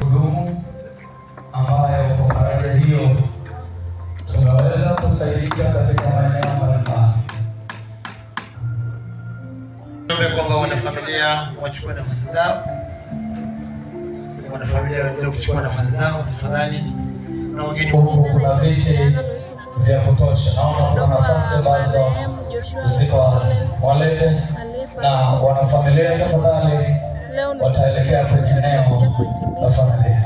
Hudumu ambayo kwa faraja hiyo tumeweza kusaidika katika maeneo mbalimbali. Niombe kwamba wanafamilia wachukue nafasi zao, wanafamilia waendelee kuchukua nafasi zao tafadhali, na wageni huku kuna viti vya kutosha, naona kuna nafasi ambazo ziko walete na wanafamilia, tafadhali wataelekea kwengineko na familia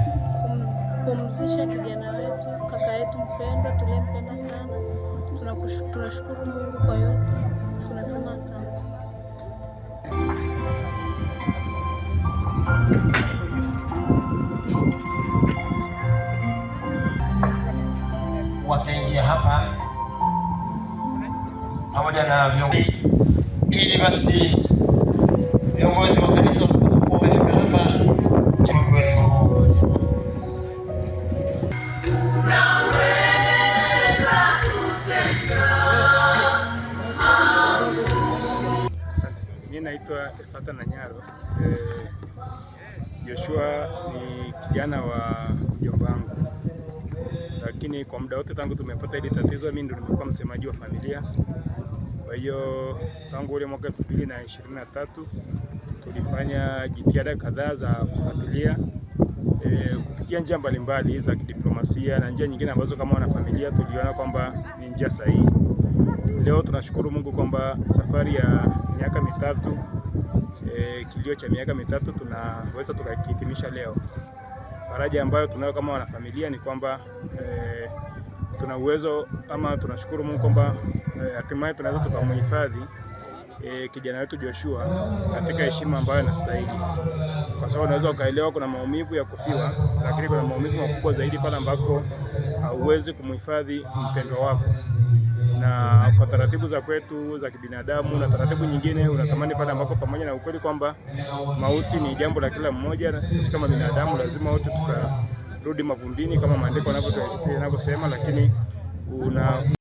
kumzisha kijana wetu, kaka yetu mpendwa, tuliyempenda sana. Tunashukuru Mungu kwa yote, tunasema asante. Wataingia hapa pamoja na viongozi ili basi viongozi wa kanisa wamefika hapa Naitwa Efata Nanyaro. Eh, Joshua ni kijana wa mjomba wangu, lakini kwa muda wote tangu tumepata hili tatizo, mimi ndo nimekuwa msemaji wa familia. Kwa hiyo tangu ule mwaka 2023 tulifanya jitihada kadhaa za kufuatilia e, kupitia njia mbalimbali za kidiplomasia na njia nyingine ambazo kama wanafamilia tuliona kwamba ni njia sahihi. Leo tunashukuru Mungu kwamba safari ya miaka mitatu e, kilio cha miaka mitatu tunaweza tukakihitimisha leo. Faraja ambayo tunayo kama wanafamilia ni kwamba e, tuna uwezo ama tunashukuru Mungu kwamba eh, hatimaye tunaweza tukamhifadhi e, eh, kijana wetu Joshua katika heshima ambayo anastahili, kwa sababu unaweza ukaelewa kuna maumivu ya kufiwa, lakini kuna maumivu makubwa zaidi pale ambako hauwezi kumhifadhi mpendwa wako na kwa taratibu za kwetu za kibinadamu na taratibu nyingine, unatamani pale ambapo, pamoja na ukweli kwamba mauti ni jambo la kila mmoja, na sisi kama binadamu lazima wote tuka rudi mavumbini kama maandiko yanavyosema, lakini una